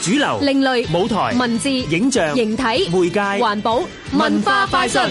主流、另類、舞台、文字、影像、形體、媒介、環保、文化、快訊。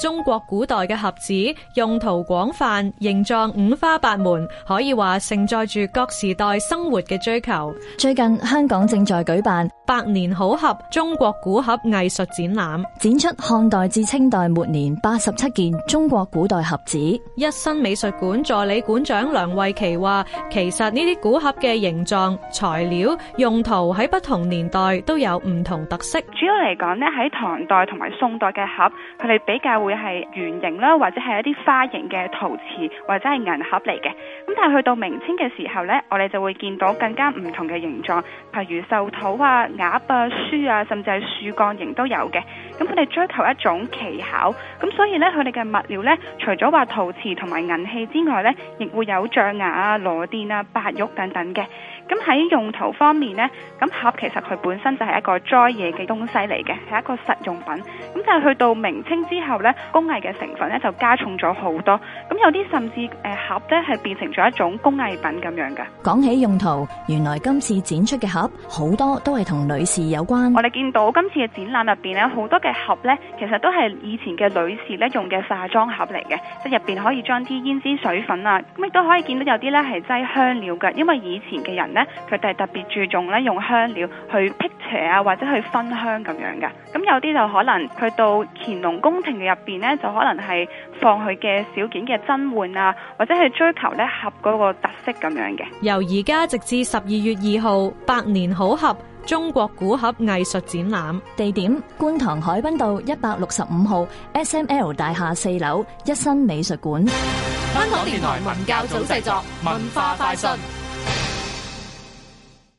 中國古代嘅盒子，用途廣泛，形狀五花八門，可以話承載住各時代生活嘅追求。最近，香港正在舉辦百年好合中國古盒藝術展覽，展出漢代至清代末年八十七件中國古代盒子。一新美術館助理館長梁慧琪話，其實呢啲古盒嘅形狀、材料、用途喺不同年代都有唔同特色。主要嚟講，喺唐代同埋宋代嘅盒，佢哋比較會係圓形啦，或者係一啲花形嘅陶瓷，或者係銀盒嚟嘅。咁但係去到明清嘅時候呢，我哋就會見到更加唔同嘅形狀，譬如壽桃啊、鴨啊、書啊，甚至係樹幹形都有嘅。咁佢哋追求一種奇巧，咁所以呢佢哋嘅物料呢，除咗話陶瓷同埋銀器之外呢，亦會有象牙啊、螺鈿啊、白玉等等嘅。咁喺用途方面呢，咁盒其實佢本身就係一個載嘢嘅東西嚟嘅，係一個實用品。咁但係去到明清之後呢。工藝嘅成分咧就加重咗好多，咁有啲甚至誒，盒咧係變成咗一種工藝品咁樣嘅。講起用途，原來今次展出嘅盒好多都係同女士有關。我哋見到今次嘅展覽入邊咧，好多嘅盒咧，其實都係以前嘅女士咧用嘅化妝盒嚟嘅，即係入邊可以裝啲胭脂水粉啊，咁亦都可以見到有啲咧係擠香料嘅，因為以前嘅人咧，佢哋特別注重咧用香料去辟。啊，或者去分香咁樣嘅，咁有啲就可能去到乾隆宮廷嘅入邊呢，就可能係放佢嘅小件嘅珍玩啊，或者係追求咧盒嗰個特色咁樣嘅。由而家直至十二月二號，百年好合中國古盒藝術展覽，地點：觀塘海濱道一百六十五號 SML 大廈四樓一新美術館。香港電台文教組製作，文化快訊。